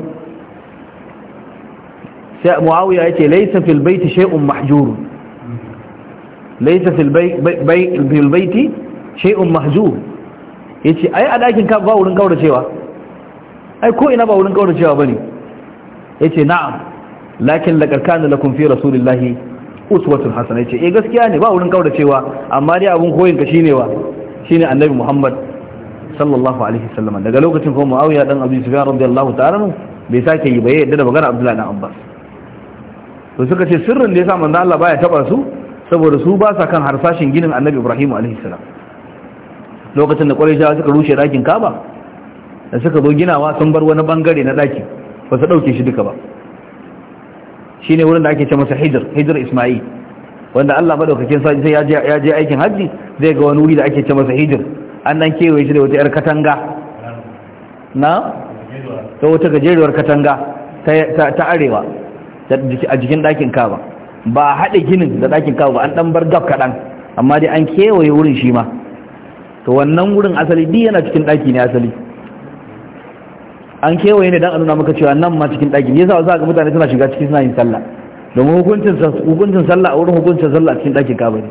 A: sai muawiya yake laysa fil baiti shay'un mahjur laysa fil baiti shay'un mahjur yace ai a dakin ka ba wurin kauracewa ai ko ina ba wurin kauracewa bane yace na'am lakin laqad kana lakum fi rasulillahi uswatun hasana yace eh gaskiya ne ba wurin kauracewa amma dai abun koyin ka shine wa shine annabi muhammad sallallahu alaihi sallama daga lokacin kuma muawiya dan abu sufyan radiyallahu ta'ala bai sake yi ba yadda da magana abdullahi dan abbas to suka ce sirrin da yasa manzo Allah baya taba su saboda su ba sa kan harsashin ginin annabi ibrahim alaihi salam lokacin da quraishawa suka rushe dakin kaba da suka zo ginawa sun bar wani bangare na daki ba su dauke shi duka ba shine wurin da ake ce masa hijr hijr isma'il wanda Allah madaukakin sai ya je aikin hajji zai ga wani wuri da ake ce masa hijr an nan kewaye shi da wata 'yar katanga na? ta wata gajeruwar katanga ta arewa a jikin ɗakin kaba ba a haɗe ginin da ɗakin kaba ba an ɗan bar gaf kaɗan amma dai an kewaye wurin shi ma to wannan wurin asali di yana cikin ɗaki ne asali an kewaye ne don a nuna maka cewa nan ma cikin ɗaki ne yasa wasu ga mutane suna shiga cikin suna yin sallah domin hukuncin sallah a wurin hukuncin sallah a cikin ɗakin kaba ne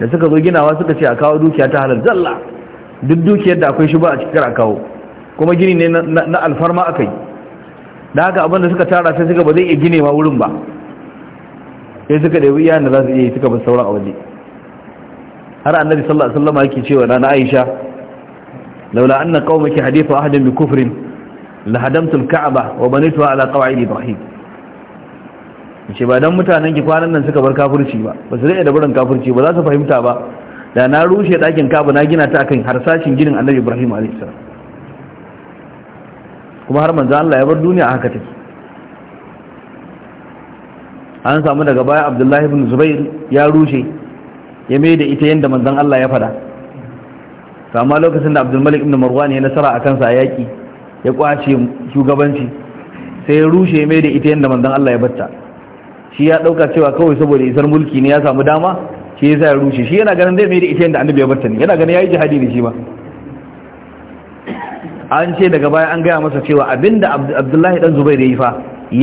A: da suka zo ginawa suka ce a kawo dukiya ta halar zalla duk dukiyar da akwai ba a cikin a kawo kuma gini ne na alfarma aka yi da haka abinda suka tara sai suka ba zai iya ma wurin ba sai suka da yi yana za su iya yi suka ba sauran a waje har annabi sallallahu alaihi wasallam yake cewa na Aisha laula anna qaumaki hadithu ahadin bi kufrin la hadamtu al-ka'bah wa banituha ala qawa'id ibrahim ce ba dan mutanen ki kwanan nan suka bar kafirci ba ba su da barin kafirci ba za su fahimta ba da na rushe ɗakin kaba na gina ta akan harsashin ginin annabi ibrahim a.s. kuma har manzo Allah ya bar duniya a haka take an samu daga baya abdullahi ibn zubair ya rushe ya mai da ita yadda manzon Allah ya fada amma lokacin da abdulmalik ibn marwan ya nasara a kansa a yaƙi ya kwace shugabanci sai ya rushe mai da ita yadda manzon Allah ya batta shi ya dauka cewa kawai saboda isar mulki ne ya samu dama shi ya ya rushe shi yana ganin zai mai da ita yadda annabi ya barta ne yana ganin yayi jihadi ne shi ba an ce daga baya an gaya masa cewa abinda abdullahi dan zubair yayi fa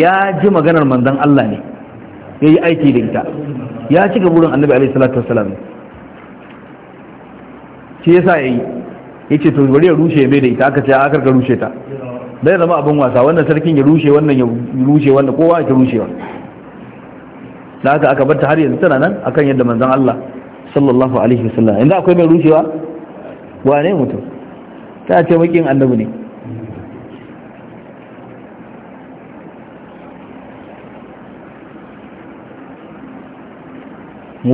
A: ya ji maganar manzon Allah ne yayi aiki da ita ya ci ga burin annabi alaihi salatu wassalam shi yi. yayi yace to bari ya rushe mai da ita aka ce aka karka rushe ta bai zama abin wasa wannan sarkin ya rushe wannan ya rushe wannan kowa ya rushewa da aka barta har yanzu tana nan akan yadda manzon Allah sallallahu alaihi wasallam inda akwai mai rushewa wane mutum ta ce makin annabi ne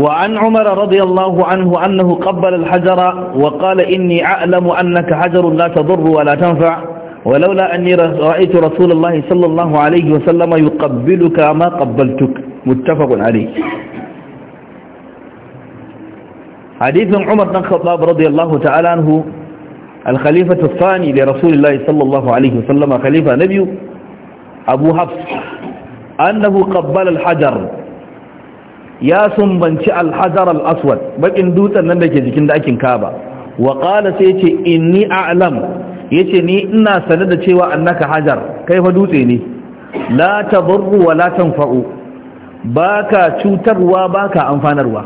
A: وعن عمر رضي الله عنه أنه قبل الحجر وقال إني أعلم أنك حجر لا تضر ولا تنفع ولولا أني رأيت رسول الله صلى الله عليه وسلم يقبلك ما قبلتك muttafaqun alayh hadithun umar dan khattab radiyallahu ta'ala anhu al-khalifa ath-thani li rasulillahi sallallahu alayhi wa sallam khalifa nabiy abu hafs annahu qabbala hajar ya sumbanci alhajar al'aswad baƙin dutsen nan da ke jikin dakin ba. wa sai ce inni a'lam yace ni ina sanar da cewa annaka hajar kai fa dutse ne la ta wa la tanfa'u ba ka cutarwa ba ka amfanarwa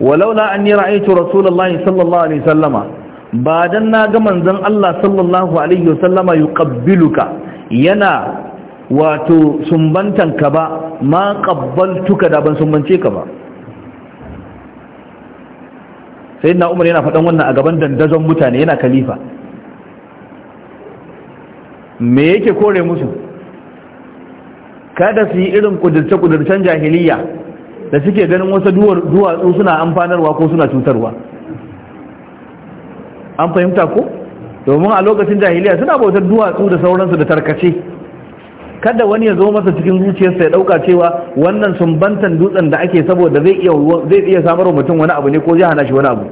A: walaula an yi ra'aitu rasulullahi sallallahu alaihi sallama ba don na ga manzon Allah sallallahu alaihi sallama yi ƙabbiluka yana wato sumbantanka ba ma ƙabbaltuka da ban sumbance ka ba sai na umar yana faɗan wannan a gaban dandazon mutane yana kalifa me yake kore musu kada su yi irin kudurce-kudurcen jahiliya da suke ganin wasu duwatsu suna amfanarwa ko suna cutarwa an fahimta ko domin a lokacin jahiliya suna bautar duwatsu da sauransu da tarkace kada wani ya zo masa cikin zuciyarsa ya dauka cewa wannan sumbantan dutsen da ake saboda zai iya zai iya samar wa mutum wani abu ne ko zai hana shi wani abu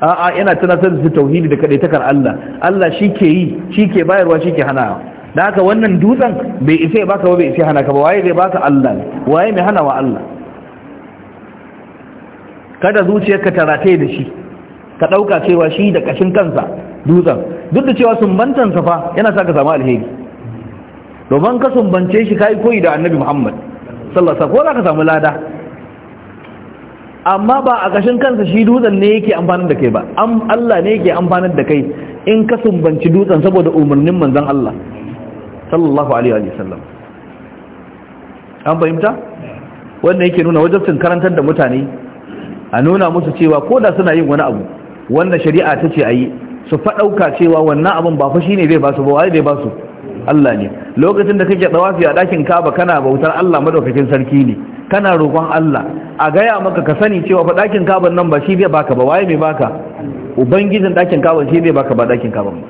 A: a'a yana tunatar da su tauhidi da kadaitakar Allah Allah shi ke yi shi ke bayarwa shi ke hanawa da haka wannan dutsen bai isa baka ba bai isa hana ka ba waye zai baka Allah ne waye mai hana wa Allah kada zuciyar ka tarate da shi ka dauka cewa shi da kashin kansa dutsen duk da cewa sumbantansa fa yana sa ka samu alheri domin ka sumbance shi kai koyi da annabi Muhammad sallallahu alaihi wasallam ko ka samu lada amma ba a kashin kansa shi dutsen ne yake amfanar da kai ba Allah ne yake amfanar da kai in ka sumbanci dutsen saboda umarnin manzon Allah sallallahu alaihi wa sallam an fahimta wannan yake nuna wajabcin karantar da mutane a nuna musu cewa ko da suna yin wani abu wanda shari'a ta ce a yi su faɗauka cewa wannan abin ba fa shine zai ba su ba wai zai ba su Allah ne lokacin da kake tsawafi a ɗakin kaba kana bautar Allah madaukakin sarki ne kana roƙon Allah a gaya maka ka sani cewa fa ɗakin kaban nan ba shi zai baka ba waye mai baka ubangijin ɗakin kaban shi zai baka ba ɗakin kaban ba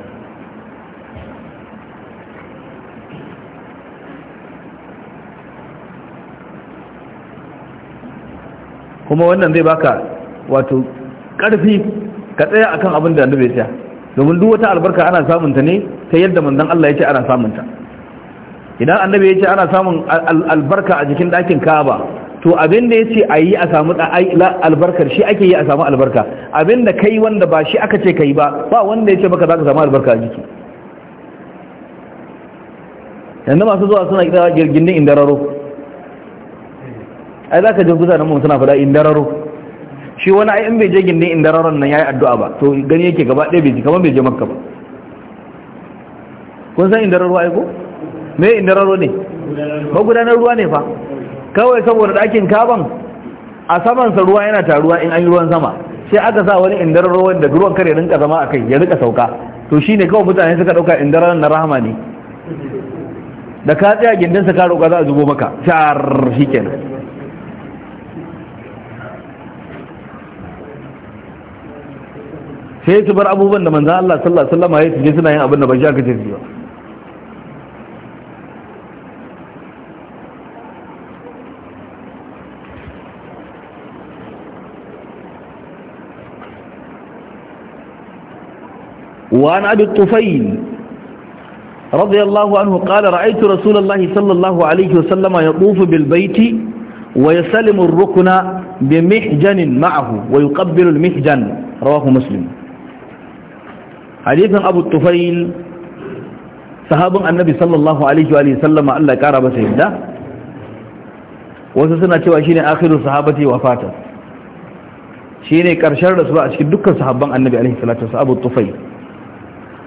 A: kuma wannan zai baka wato karfi ka tsaya akan abin da annabi ya domin duk wata albarka ana samun ta ne ta yadda manzon Allah ya ce ana samun ta idan annabi ya ce ana samun albarka a jikin ɗakin Ka'aba to abin da yace ayi a samu albarkar shi ake yi a samu albarka abin da kai wanda ba shi aka ce kai ba ba wanda yace baka zaka samu albarka a jiki yanzu masu zuwa suna kira girgindin indararo ai za ka ji guza nan suna fada in dararo shi wani ai in bai je gindin in dararon nan ya yi addu'a ba to gani yake gaba ɗaya bai ji kamar bai je makka ba kun san in dararo ai ko me in dararo ne magudanar ruwa ne fa kawai saboda ɗakin kaban a samansa ruwa yana taruwa in an yi ruwan sama sai aka sa wani dararo wanda ruwan kare rinka zama a kai ya rinka sauka to shine kawai mutane suka ɗauka dararon na rahama ne da ka tsaya gindinsa ka roƙa za a zubo maka shar shi kenan sai ya bar abubuwan da manzan Allah sallallahu alaihi wasallam suna yin abin da ban sha kace su ba wa an abi tufayl radiyallahu anhu qala ra'aytu rasulallahi sallallahu alaihi wasallam yatufu bil baiti wa yasallimu ar bi mihjanin ma'ahu wa yuqabbilu al-mihjan rawahu muslim hadisin abu tufail sahabin annabi sallallahu alaihi wa sallama Allah ya kara masa yadda wasu suna cewa shine akhiru sahabati wafata shine karshen rasul a cikin dukkan sahabban annabi alaihi salatu wasallam abu tufail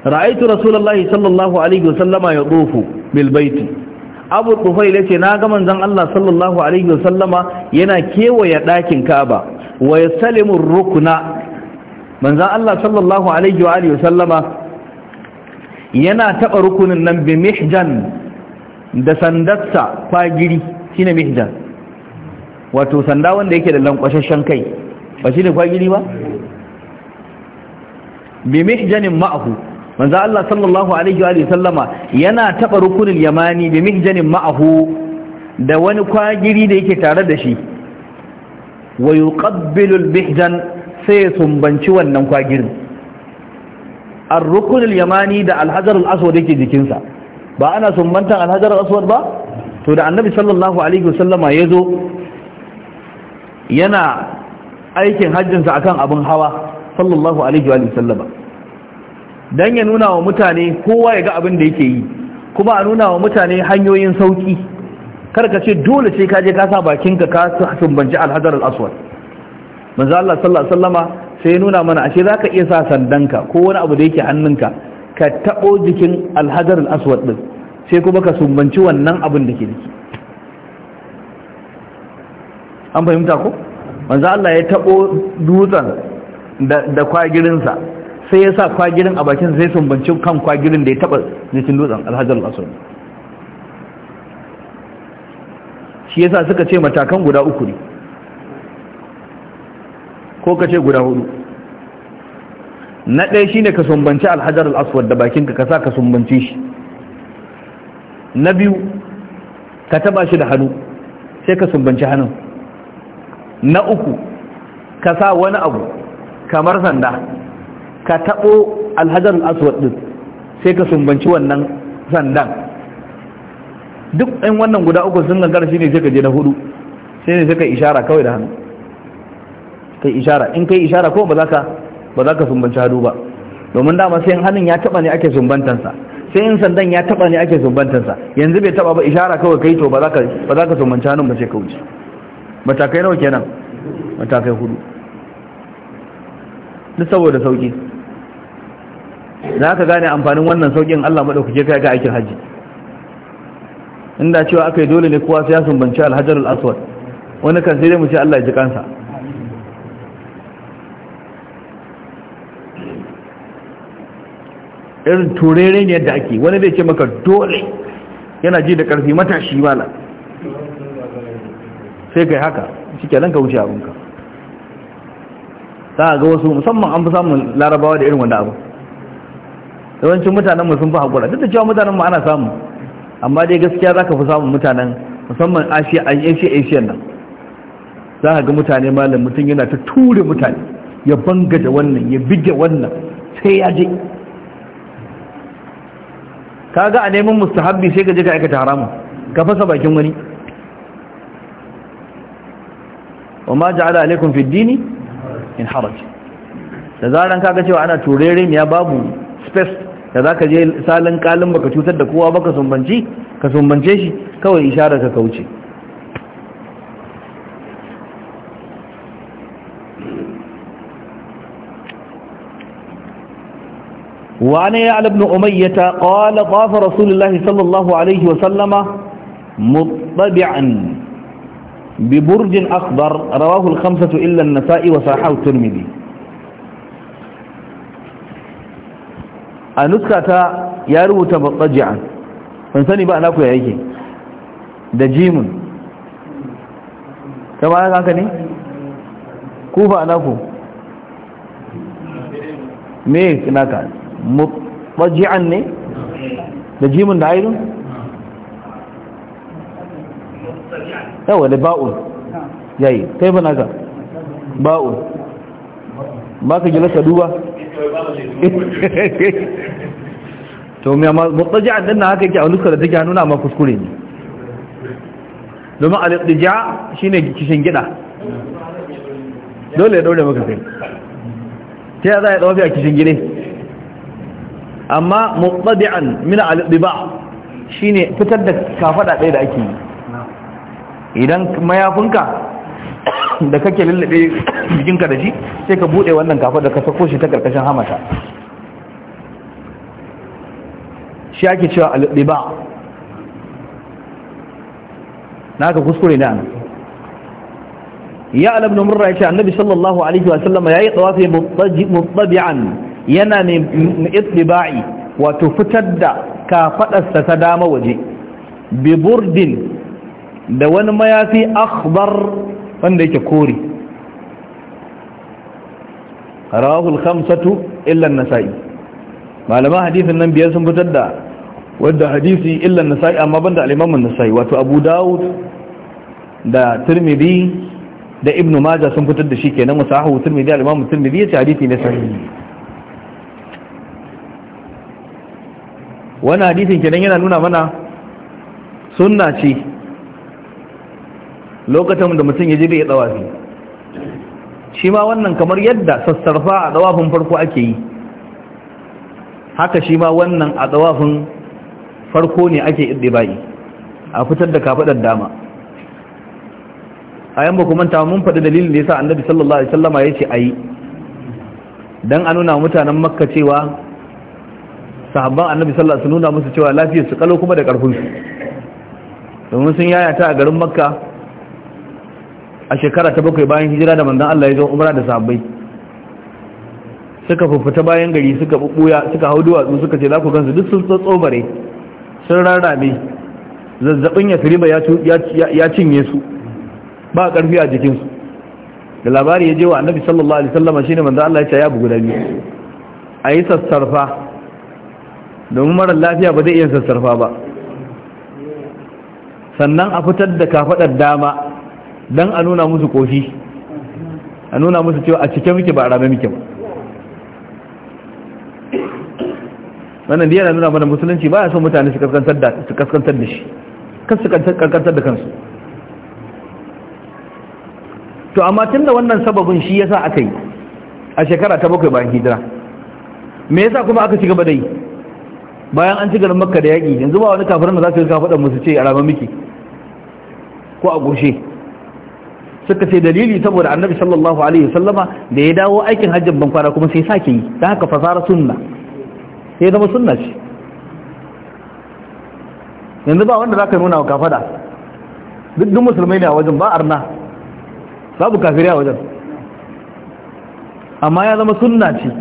A: ra'aytu rasulullahi sallallahu alaihi wa sallama yadufu bil baiti abu tufail yace na ga manzon Allah sallallahu alaihi wa sallama yana kewaye dakin Kaaba wa yasallimu rukna manzan Allah sallallahu alaihi wa alihi sallama yana taɓa rukunin nan bi mihjan da sandarsa kwagiri ne mihjan wato sanda wanda yake da lankwashashen kai ba shi ne kwagiri ba bi mihjanin ma'ahu manzan Allah sallallahu alaihi wa alihi sallama yana taɓa rukunin yamani bi mihjanin ma'ahu da wani kwagiri da yake tare da shi wa yuqabbilu al-mihjan sai ya sumbanci wannan kwagirin ar yamani da alhazar yake jikinsa ba ana sumbantan alhazar hajar ba to da annabi sallallahu alaihi wasallama yazo yana aikin hajjinsa akan abin hawa sallallahu alaihi wasallama don ya nuna wa mutane kowa ya ga abin da yake yi kuma a nuna wa mutane hanyoyin sauki karkace ce dole sai ka je ka sa bakinka ka sumbanci alhazar hajar manzo Allah sallallahu alaihi wasallama sai nuna mana ashe zaka iya sa sandanka ko wani abu da yake hannunka ka tabo jikin alhajar al-aswad din sai kuma ka sumbanci wannan abin da ke jiki an fahimta ko manzo Allah ya tabo dutsen da da kwagirinsa sai ya sa kwagirin a bakin sai sumbanci kan kwagirin da ya taba jikin dutsen alhajar al-aswad shi yasa suka ce matakan guda uku ne ko ka ce guda hudu na ɗaya shine ka sumbanci alhajar al'aswar da bakinka ka sa ka sumbanci shi na biyu ka taba shi da hannu sai ka sumbanci hannun na uku ka sa wani abu kamar sanda ka tabo alhajar al'aswar din sai ka sumbanci wannan sandan duk ɗan wannan guda uku sun gangara shi ne sai ka je na hudu sai ne sai ka ishara kawai da hannu kai ishara in kai ishara ko ba za ka ba za ka sumbanci hadu ba domin dama sai hannun ya taba ne ake sumbantansa sai in sandan ya taba ne ake sumbantansa yanzu bai taba ba ishara kawai kai to ba za ka ba za ka sumbanci hannun ba sai ka wuce matakai nawa kenan matakai hudu duk saboda sauki za ka gane amfanin wannan saukin Allah madaukake kai ga aikin haji inda cewa akai dole ne kowa sai ya sumbanci alhajar aswad wani kan sai dai mu ce Allah ya ji kansa irin turere ne yadda ake wani zai ce maka dole yana ji da karfi matashi mala sai kai haka cike nan ka wuce abinka ta ga wasu musamman an fi samun larabawa da irin wanda abu yawancin mutanenmu sun fi haƙura duk da cewa mutanenmu ana samu amma dai gaskiya za ka fi samun mutanen musamman asiya nan za ka ga mutane malam mutum yana ta ture mutane ya banga da wannan ya bige wannan sai ya je Ka ga a neman mustahabbi sai ka je ka aikata haramun ka fasa bakin wani wa ma ja'ala alaikum fi dini in haraj da zaran kaga cewa ana turere ya babu space da za ka je salin kalin baka cutar da kowa baka sumbanci ka sumbance shi kawai isharar ka kauce وعن يعلى بن أمية قال طاف رسول الله صلى الله عليه وسلم مطبعا ببرج أخضر رواه الخمسة إلا النساء وصححه الترمذي أنسكة يا روت مطبعا فانساني بقى ناكو يا إيكي da jimin kama ya haka ne? kufa na ku me naka mutaji'an ne
B: da jimin da ainihin yawa da ba'un yayi kai bana ga ba'un ba ka gina ka duba
A: to mai mutaji'an din na haka yake a nuskar da take nuna ma kuskure ne domin al shi ne kishin gida dole ya daure maka sai ta za a yi tsawafi a kishin gine amma muqtadi'an min al-diba shine fitar da kafada ɗaya da ake
B: yi
A: idan mayafinka da kake lullube jikinka da shi sai ka bude wannan kafada ka sako shi ta karkashin hamata shi ake cewa al-diba na ka kuskure ne ana. ya alam ya yace annabi sallallahu alaihi wa sallama yayi tawafi muttabi'an yana ne ittiba'i wato fitar da kafadarsa ta dama waje biburdin da wani mayafi akhbar wanda yake kore rawahul khamsatu illa an-nasa'i malama hadisin nan biyar sun fitar da wanda hadisi illa an-nasa'i amma banda al-imam an-nasa'i wato abu Dawud da Turmidi da ibnu majah sun fitar da shi kenan musahahu tirmidhi al Turmidi tirmidhi ya ce hadisi ne sahihi wani hadisin kenan yana nuna mana sunna ce lokacin da mutum ya je ya tsawafi shi ma wannan kamar yadda sassarfa a tsawafin farko ake yi haka shi ma wannan a tsawafin farko ne ake bayi. a fitar da kafaɗar dama a yan ba kuma ta mun faɗi dalilin da ya sa annabi sallallahu alaihi wasallama ya ce a yi don a nuna mutanen makka cewa sahabban annabi sallallahu alaihi wasallam nuna musu cewa lafiyar su kalo kuma da karfin su domin sun yayata a garin makka a shekara ta bakwai bayan hijira da manzon Allah ya zo umra da sahabbai suka fufuta bayan gari suka bubuya suka haudu duwatsu suka ce za ku gansu duk sun tsotso bare sun rarrabe zazzabin ya firiba ya cinye su ba karfi a jikin su. da labari ya je wa annabi sallallahu alaihi wasallam shine manzon Allah ya ce ya bugu da biyu ayi sassarfa domin marar lafiya ba zai iya sassarfa ba sannan a fitar da kafaɗar dama don a nuna musu ƙofi a nuna musu cewa a cike muke ba a rame muke ba wannan da yana nuna mana musulunci ba ya son mutane su kaskantar da shi kan su kaskantar da kansu to amma tun da wannan sababin shi ya sa aka yi a shekara ta bakwai bayan hijira me yasa kuma aka ci gaba da yi bayan an ci garin makka da yaƙi yanzu ba wani kafin da za su yi kafaɗa musu ce a rama miki ko a goshe suka ce dalili saboda annabi sallallahu alaihi wasallama da ya dawo aikin hajjin ban kwana kuma sai sake yi ta haka fasara sunna sai zama sunna ce yanzu ba wanda za ka nuna wa kafaɗa duk duk musulmai ne a wajen ba arna babu kafiri a wajen amma ya zama sunna ce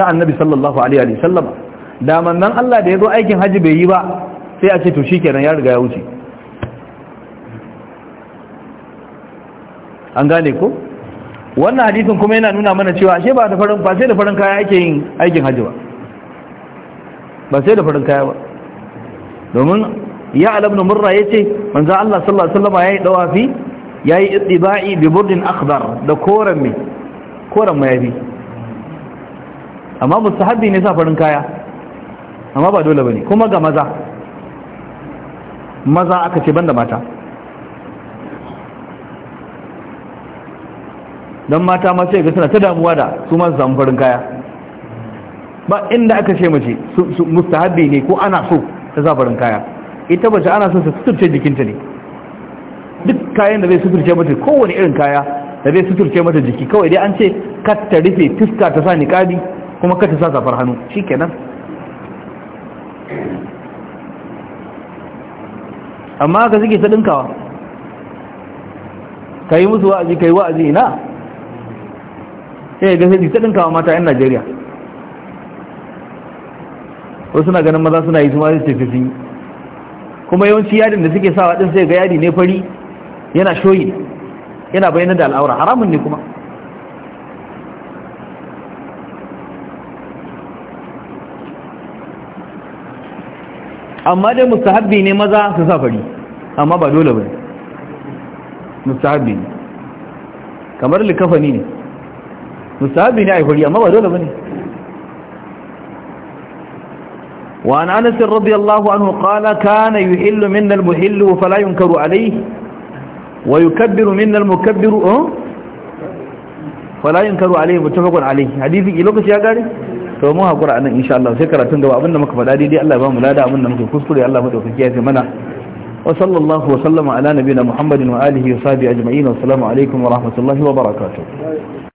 A: ta annabi sallallahu alaihi wasallama da manzon Allah da ya zo aikin haji bai yi ba sai a ce to shikenan ya riga ya wuce an gane ko wannan hadisin kuma yana nuna mana cewa ashe ba da farin ba sai da farin kaya ake yin aikin haji ba ba sai da farin kaya ba domin ya alabnu murra yace manzo Allah sallallahu alaihi wasallam yayi dawafi yayi ittiba'i bi burdin akhdar da koran mai koran mayabi amma mustahabi ne sa farin kaya amma ba dole ba ne kuma ga maza maza aka ce banda mata don mata ma sai ga suna ta damuwa da su masu samun farin kaya ba inda aka ce mace su mustahabbi ne ko ana so ta sa farin kaya ita ba ana so su suturce jikinta ne duk kayan da zai suturce mata kowane irin kaya da zai suturce mata jiki kawai dai an ce kar ta rufe fuska ta sa niƙadi kuma kar ta sa safar hannu shikenan amma ka suke ta ka yi musu wa'azi ka yi wa'azi ina sai ga sai ta ɗinkawa mata 'yan najeriya wasu suna ganin maza suna yi su mazi tafi sun yi kuma yawanci yadin da suke sawa ɗin sai ga yadi ne fari yana shoyi yana bayyana da al'aura haramun ne kuma amma dai mustahabbi ne maza su sa amma ba dole ba mustahabbi ne kamar likafani ne mustahabbi ne a fari amma ba dole ba ne وعن أنس رضي الله عنه قال كان يحل منا المحل فلا ينكر عليه ويكبر منا المكبر فلا ينكر عليه متفق عليه حديثي لوكس يا قاري to mu hakura anan insha Allah sai karatun gaba abinda muka faɗa daidai Allah ya ba mu lada abinda muke kuskure Allah madaukaki ya ji mana wa sallallahu wa sallama ala nabiyina Muhammadin wa alihi wa sahbihi ajma'in wa assalamu alaikum wa rahmatullahi wa
B: barakatuh